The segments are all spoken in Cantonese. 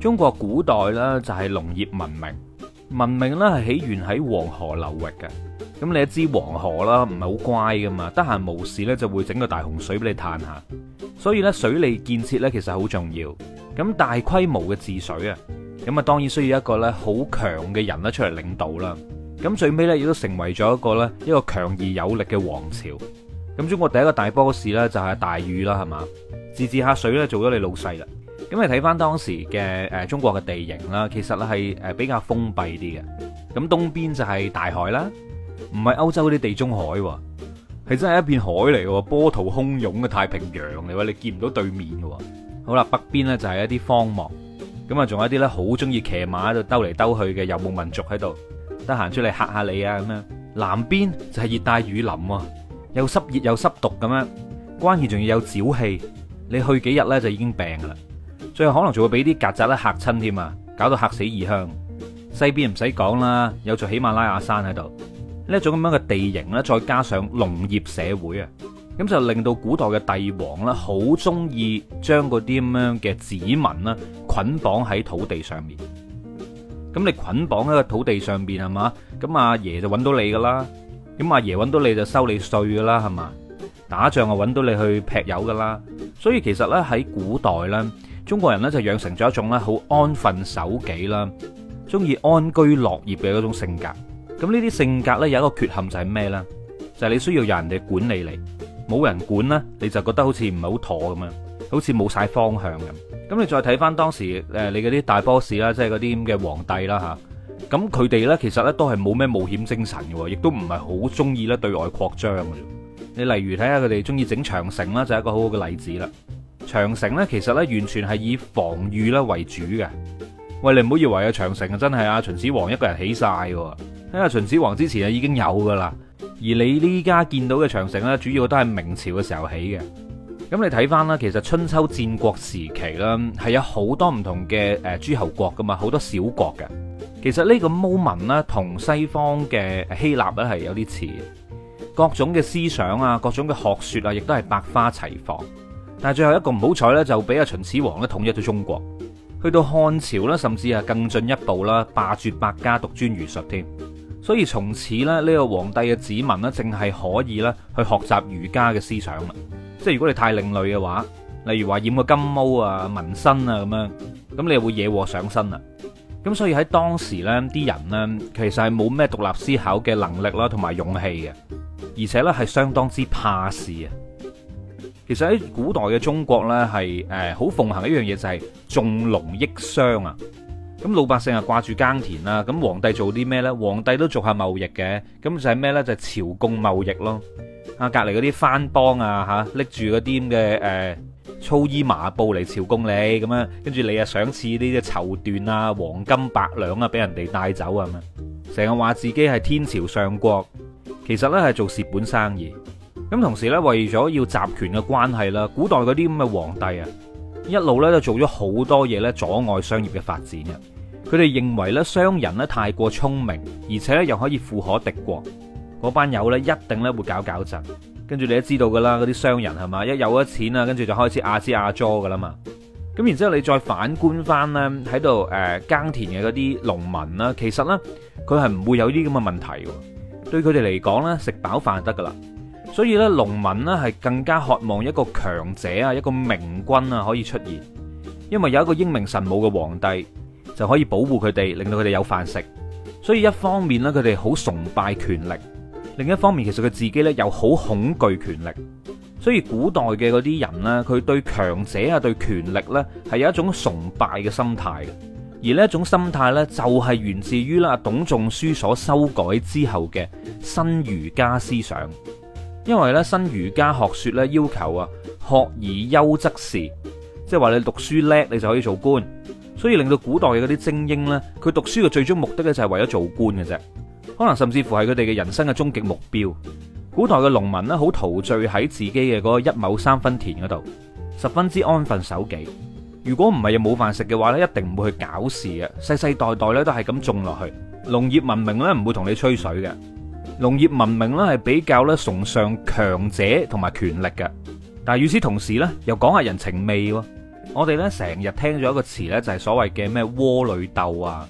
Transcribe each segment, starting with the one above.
中國古代咧就係農業文明，文明咧係起源喺黃河流域嘅。咁你一知黃河啦，唔係好乖㗎嘛，得閒無事咧就會整個大洪水俾你嘆下。所以咧水利建設咧其實好重要。咁大規模嘅治水啊，咁啊當然需要一個咧好強嘅人咧出嚟領導啦。咁最尾咧亦都成為咗一個咧一個強而有力嘅王朝。咁中國第一個大波士呢，咧就係大禹啦，係嘛，治治下水咧做咗你老細啦。咁你睇翻當時嘅、呃、中國嘅地形啦，其實咧係比較封閉啲嘅。咁東邊就係大海啦，唔係歐洲啲地中海喎，係真係一片海嚟嘅，波濤洶湧嘅太平洋嚟喎，你見唔到對面嘅。好啦，北邊呢就係一啲荒漠，咁啊仲有一啲咧好中意騎馬喺度兜嚟兜去嘅游牧民族喺度，得閒出嚟嚇下你啊咁樣。南邊就係熱帶雨林喎，又濕熱又濕毒咁樣，關鍵仲要有沼氣，你去幾日咧就已經病啦。最後，可能仲會俾啲曱甴咧嚇親添啊，搞到嚇死異鄉。西邊唔使講啦，有座喜馬拉雅山喺度，呢一種咁樣嘅地形咧，再加上農業社會啊，咁就令到古代嘅帝王咧，好中意將嗰啲咁樣嘅子民咧捆綁喺土地上面。咁你捆綁喺個土地上邊係嘛？咁阿爺就揾到你噶啦，咁阿爺揾到你就收你稅噶啦，係嘛？打仗啊揾到你去劈友噶啦。所以其實咧喺古代咧。中國人咧就養成咗一種咧好安分守己啦，中意安居樂業嘅嗰種性格。咁呢啲性格呢，有一個缺陷，就係咩呢？就係你需要有人哋管理你，冇人管呢，你就覺得好似唔係好妥咁樣，好似冇晒方向咁。咁你再睇翻當時誒你嗰啲大 boss 啦，即係嗰啲咁嘅皇帝啦吓，咁佢哋呢，其實呢都係冇咩冒險精神嘅，亦都唔係好中意呢對外擴張嘅。你例如睇下佢哋中意整長城啦，就係一個好好嘅例子啦。長城咧，其實咧完全係以防禦咧為主嘅。喂，你唔好以為啊，長城啊真係阿秦始皇一個人起晒。因為秦始皇之前啊已經有噶啦，而你呢家見到嘅長城咧，主要都係明朝嘅時候起嘅。咁你睇翻啦，其實春秋戰國時期啦，係有好多唔同嘅誒諸侯國噶嘛，好多小國嘅。其實呢個 moment 咧，同西方嘅希臘咧係有啲似，各種嘅思想啊，各種嘅學說啊，亦都係百花齊放。但係最後一個唔好彩呢，就俾阿秦始皇咧統一咗中國，去到漢朝呢，甚至係更進一步啦，霸絕百家，獨尊儒術添。所以從此咧，呢個皇帝嘅子民呢，淨係可以咧去學習儒家嘅思想啦。即係如果你太另類嘅話，例如話染個金毛啊、紋身啊咁樣，咁你會惹禍上身啦。咁所以喺當時呢啲人呢，其實係冇咩獨立思考嘅能力啦，同埋勇氣嘅，而且呢係相當之怕事啊。其實喺古代嘅中國咧，係誒好奉行一樣嘢就係重農抑商啊。咁老百姓啊掛住耕田啦，咁皇帝做啲咩咧？皇帝都做下貿易嘅，咁就係咩咧？就係朝貢貿易咯。啊，隔離嗰啲番邦啊，嚇拎住嗰啲咁嘅誒粗衣麻布嚟朝貢你，咁樣跟住你啊賞賜呢啲綢緞啊、黃金百兩啊俾人哋帶走啊，咁成日話自己係天朝上國，其實咧係做蝕本生意。咁，同時咧，為咗要集權嘅關係啦，古代嗰啲咁嘅皇帝啊，一路咧就做咗好多嘢咧，阻礙商業嘅發展嘅。佢哋認為咧，商人咧太過聰明，而且咧又可以富可敵國，嗰班友咧一定咧會搞搞震。跟住你都知道噶啦，嗰啲商人係嘛，一有咗錢啦，跟住就開始阿支阿佐噶啦嘛。咁然之後，你再反觀翻咧喺度誒耕田嘅嗰啲農民啦，其實咧佢係唔會有啲咁嘅問題嘅。對佢哋嚟講咧，食飽飯就得噶啦。所以咧，農民咧係更加渴望一個強者啊，一個明君啊可以出現，因為有一個英明神武嘅皇帝就可以保護佢哋，令到佢哋有飯食。所以一方面咧，佢哋好崇拜權力；另一方面，其實佢自己咧又好恐懼權力。所以古代嘅嗰啲人呢，佢對強者啊，對權力呢係有一種崇拜嘅心態。而呢種心態呢，就係源自於啦，董仲舒所修改之後嘅新儒家思想。因為咧新儒家學說咧要求啊，學而優則仕，即係話你讀書叻，你就可以做官，所以令到古代嘅嗰啲精英咧，佢讀書嘅最終目的咧就係為咗做官嘅啫，可能甚至乎係佢哋嘅人生嘅終極目標。古代嘅農民咧好陶醉喺自己嘅嗰個一畝三分田嗰度，十分之安分守己。如果唔係又冇飯食嘅話咧，一定唔會去搞事嘅。世世代代咧都係咁種落去，農業文明咧唔會同你吹水嘅。農業文明咧係比較咧崇尚強者同埋權力嘅，但係與此同時咧又講下人情味喎。我哋咧成日聽咗一個詞咧就係所謂嘅咩窩裏鬥啊，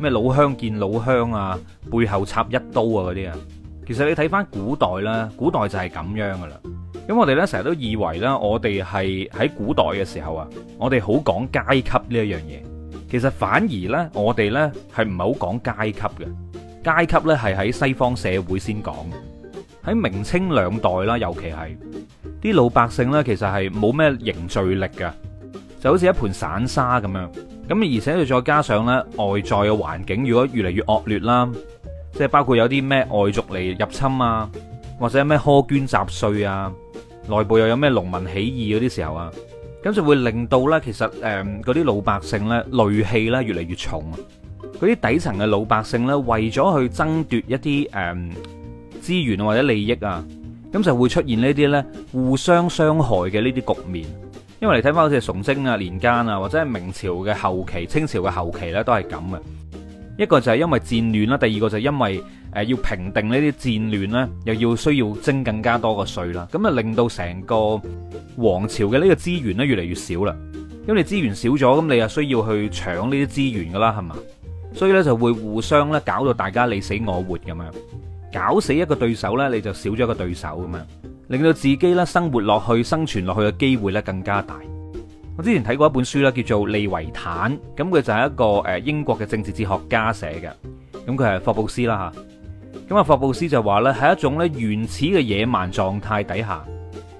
咩老鄉見老鄉啊，背後插一刀啊嗰啲啊。其實你睇翻古代咧，古代就係咁樣噶啦。咁我哋咧成日都以為咧我哋係喺古代嘅時候啊，我哋好講階級呢一樣嘢。其實反而咧我哋咧係唔係好講階級嘅。階級咧係喺西方社會先講，喺明清兩代啦，尤其係啲老百姓呢，其實係冇咩凝聚力嘅，就好似一盤散沙咁樣。咁而且又再加上呢外在嘅環境，如果越嚟越惡劣啦，即係包括有啲咩外族嚟入侵啊，或者咩苛捐雜稅啊，內部又有咩農民起義嗰啲時候啊，咁就會令到呢，其實誒嗰啲老百姓呢，戾氣咧越嚟越重。嗰啲底層嘅老百姓呢，為咗去爭奪一啲誒、嗯、資源或者利益啊，咁就會出現呢啲呢互相傷害嘅呢啲局面。因為你睇翻好似崇禎啊、年間啊，或者係明朝嘅後期、清朝嘅後期呢，都係咁嘅。一個就係因為戰亂啦，第二個就係因為、呃、要平定呢啲戰亂啦，又要需要徵更加多嘅稅啦，咁啊令到成個皇朝嘅呢個資源咧越嚟越少啦。因為你資源少咗，咁你又需要去搶呢啲資源噶啦，係嘛？所以咧就會互相咧搞到大家你死我活咁樣，搞死一個對手呢，你就少咗一個對手咁樣，令到自己咧生活落去生存落去嘅機會咧更加大。我之前睇過一本書咧叫做《利維坦》，咁佢就係一個誒英國嘅政治哲學家寫嘅，咁佢係霍布斯啦吓，咁啊霍布斯就話咧喺一種咧原始嘅野蠻狀態底下，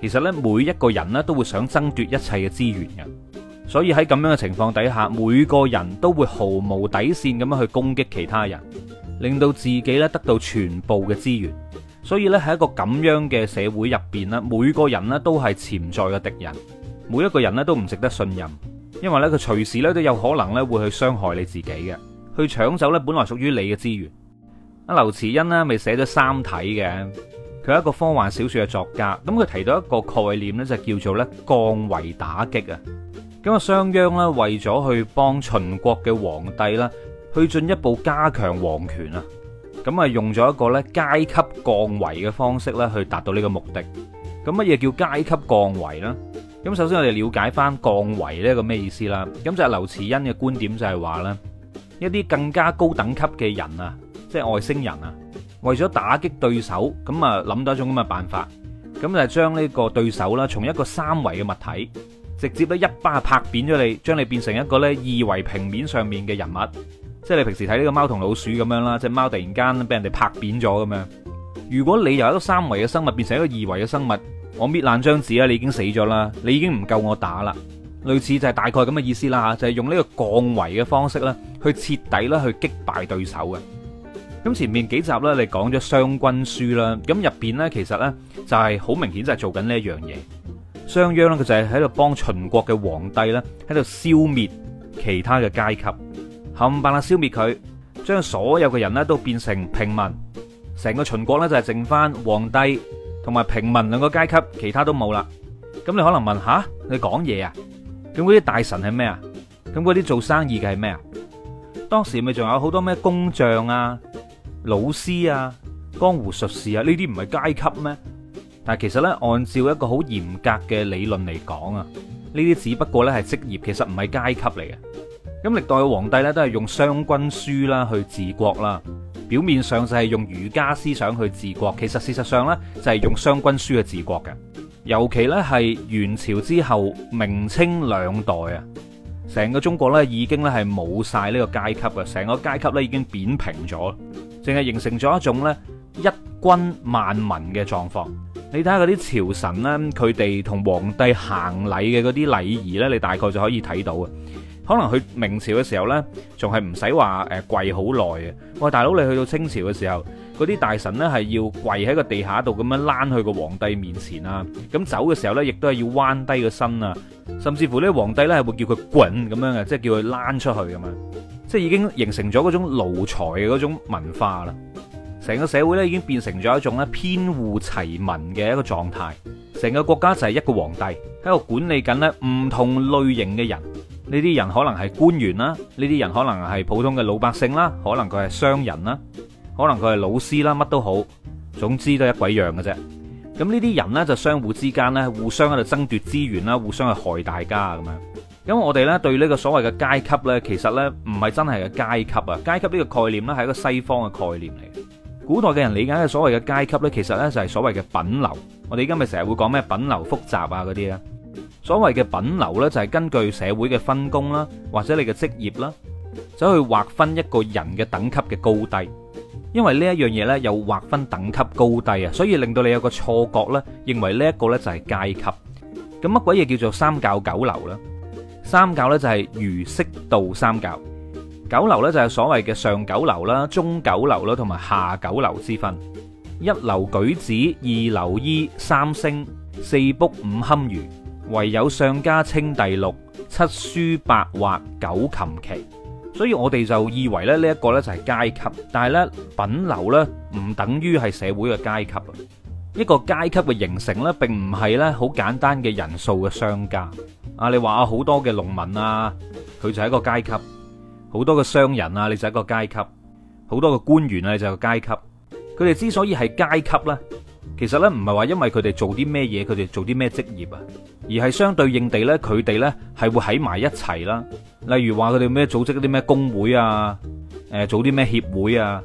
其實咧每一個人咧都會想爭奪一切嘅資源嘅。所以喺咁樣嘅情況底下，每個人都會毫無底線咁樣去攻擊其他人，令到自己咧得到全部嘅資源。所以咧喺一個咁樣嘅社會入邊咧，每個人呢都係潛在嘅敵人，每一個人咧都唔值得信任，因為咧佢隨時咧都有可能咧會去傷害你自己嘅，去搶走咧本來屬於你嘅資源。阿劉慈欣呢咪寫咗《三體》嘅，佢係一個科幻小說嘅作家。咁佢提到一個概念呢，就叫做咧降維打擊啊。咁啊，商鞅咧為咗去幫秦國嘅皇帝啦，去進一步加強皇權啊，咁啊用咗一個咧階級降維嘅方式咧去達到呢個目的。咁乜嘢叫階級降維呢？咁首先我哋了解翻降維呢個咩意思啦。咁就係劉慈欣嘅觀點就係話咧，一啲更加高等級嘅人啊，即係外星人啊，為咗打擊對手，咁啊諗到一種咁嘅辦法，咁就係將呢個對手啦，從一個三維嘅物體，直接咧一巴一拍扁咗你，將你變成一個咧二維平面上面嘅人物，即係你平時睇呢個貓同老鼠咁樣啦，隻貓突然間俾人哋拍扁咗咁樣。如果你由一個三維嘅生物變成一個二維嘅生物，我搣爛張紙啦，你已經死咗啦，你已經唔夠我打啦。類似就係大概咁嘅意思啦吓，就係用呢個降維嘅方式咧，去徹底啦去擊敗對手嘅。咁前面幾集咧，你講咗《商君書》啦，咁入邊咧其實咧就係好明顯就係做緊呢一樣嘢。商鞅咧，佢就係喺度幫秦國嘅皇帝咧，喺度消滅其他嘅階級，冚唪唥消滅佢，將所有嘅人咧都變成平民，成個秦國咧就係剩翻，皇帝同埋平民兩個階級，其他都冇啦。咁你可能問吓，啊，你講嘢啊？咁嗰啲大臣係咩啊？咁嗰啲做生意嘅係咩啊？當時咪仲有好多咩工匠啊、老師啊、江湖術士啊，呢啲唔係階級咩？嗱，其實咧，按照一個好嚴格嘅理論嚟講啊，呢啲只不過咧係職業，其實唔係階級嚟嘅。咁歷代嘅皇帝咧都係用《商君書》啦去治國啦，表面上就係用儒家思想去治國，其實事實上咧就係用《商君書》去治國嘅。尤其咧係元朝之後，明清兩代啊，成個中國咧已經咧係冇晒呢個階級嘅，成個階級咧已經扁平咗，淨係形成咗一種咧一君萬民嘅狀況。你睇下嗰啲朝臣呢，佢哋同皇帝行禮嘅嗰啲禮儀呢，你大概就可以睇到啊。可能去明朝嘅時候呢，仲係唔使話誒跪好耐嘅。喂，大佬你去到清朝嘅時候，嗰啲大臣呢係要跪喺個地下度咁樣躝去個皇帝面前啊。咁走嘅時候呢，亦都係要彎低個身啊。甚至乎呢，皇帝呢係會叫佢滾咁樣嘅，即係叫佢躝出去咁樣，即係已經形成咗嗰種奴才嘅嗰種文化啦。成個社會咧，已經變成咗一種咧，編戶齊民嘅一個狀態。成個國家就係一個皇帝喺度管理緊咧，唔同類型嘅人。呢啲人可能係官員啦，呢啲人可能係普通嘅老百姓啦，可能佢係商人啦，可能佢係老師啦，乜都好。總之都一鬼樣嘅啫。咁呢啲人呢，就相互之間咧，互相喺度爭奪資源啦，互相去害大家咁樣。咁我哋呢，對呢個所謂嘅階級呢，其實呢唔係真係個階級啊。階級呢個概念呢，係一個西方嘅概念嚟。古代嘅人理解嘅所謂嘅階級呢，其實呢就係所謂嘅品流。我哋今日成日會講咩品流複雜啊嗰啲咧。所謂嘅品流呢，就係根據社會嘅分工啦，或者你嘅職業啦，走去劃分一個人嘅等級嘅高低。因為呢一樣嘢呢，又劃分等級高低啊，所以令到你有個錯覺咧，認為呢一個呢就係階級。咁乜鬼嘢叫做三教九流呢？三教呢就係儒釋道三教。九流咧就係所謂嘅上九流啦、中九流啦，同埋下九流之分。一流舉子，二流醫，三星四卜五堪儒，唯有上家清第六七書八畫九琴棋。所以我哋就以為咧呢一個咧就係階級，但係咧品流咧唔等於係社會嘅階級。一個階級嘅形成咧，並唔係咧好簡單嘅人數嘅相加。啊，你話啊好多嘅農民啊，佢就係一個階級。好多嘅商人啊，你就係一個階級；好多嘅官員啊，你就係一個階級。佢哋之所以係階級呢，其實呢唔係話因為佢哋做啲咩嘢，佢哋做啲咩職業啊，而係相對應地呢，佢哋呢係會喺埋一齊啦。例如話佢哋咩組織啲咩工會啊，誒做啲咩協會啊，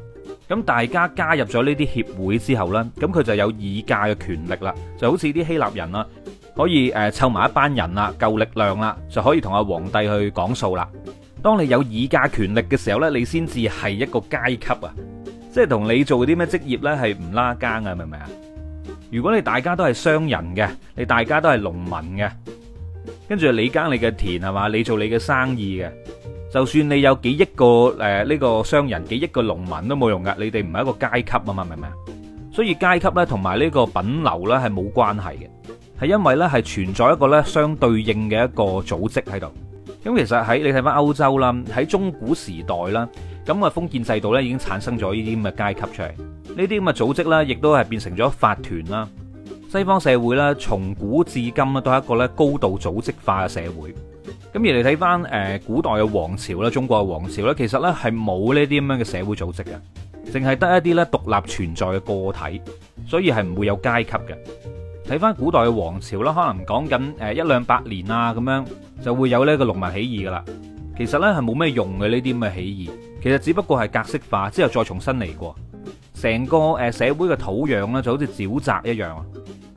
咁大家加入咗呢啲協會之後呢，咁佢就有議價嘅權力啦。就好似啲希臘人啦，可以誒湊埋一班人啦，夠力量啦，就可以同阿皇帝去講數啦。當你有議價權力嘅時候呢，你先至係一個階級啊！即係同你做啲咩職業呢？係唔拉更啊？明唔明啊？如果你大家都係商人嘅，你大家都係農民嘅，跟住你耕你嘅田係嘛，你做你嘅生意嘅，就算你有幾億個誒、呢、呃，呢個商人、幾億個農民都冇用噶，你哋唔係一個階級啊嘛？明唔明啊？所以階級呢，同埋呢個品流呢，係冇關係嘅，係因為呢，係存在一個呢相對應嘅一個組織喺度。咁其實喺你睇翻歐洲啦，喺中古時代啦，咁啊封建制度呢已經產生咗呢啲咁嘅階級出嚟。呢啲咁嘅組織呢，亦都係變成咗法團啦。西方社會啦，從古至今咧都係一個呢高度組織化嘅社會。咁而嚟睇翻誒古代嘅王朝啦，中國嘅王朝呢，其實呢係冇呢啲咁樣嘅社會組織嘅，淨係得一啲呢獨立存在嘅個體，所以係唔會有階級嘅。睇翻古代嘅王朝啦，可能講緊誒一兩百年啊咁樣。就會有呢個農民起義噶啦，其實呢係冇咩用嘅呢啲咁嘅起義，其實只不過係格式化之後再重新嚟過，成個誒、呃、社會嘅土壤呢就好似沼澤一樣，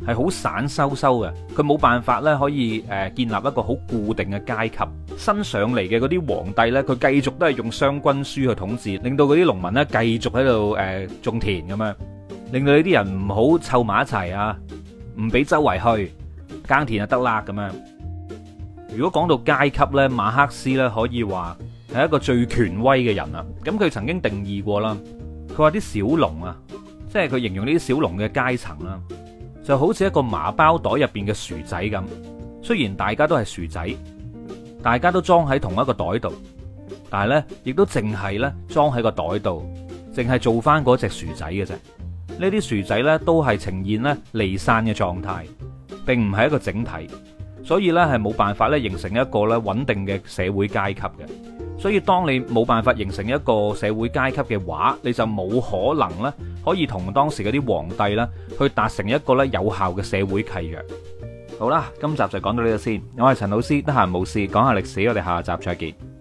係好散收收嘅，佢冇辦法呢可以誒、呃、建立一個好固定嘅階級。新上嚟嘅嗰啲皇帝呢，佢繼續都係用商君書去統治，令到嗰啲農民呢繼續喺度誒種田咁樣，令到呢啲人唔好湊埋一齊啊，唔俾周圍去耕田就得啦咁樣。如果講到階級咧，馬克思咧可以話係一個最權威嘅人啊。咁佢曾經定義過啦，佢話啲小農啊，即係佢形容呢啲小農嘅階層啦，就好似一個麻包袋入面嘅薯仔咁。雖然大家都係薯仔，大家都裝喺同一個袋度，但係咧亦都淨係咧裝喺個袋度，淨係做翻嗰隻薯仔嘅啫。呢啲薯仔咧都係呈現咧離散嘅狀態，並唔係一個整體。所以咧係冇辦法咧形成一個咧穩定嘅社會階級嘅，所以當你冇辦法形成一個社會階級嘅話，你就冇可能咧可以同當時嗰啲皇帝咧去達成一個咧有效嘅社會契約。好啦，今集就講到呢度先。我係陳老師，得閒無事講下歷史，我哋下集再見。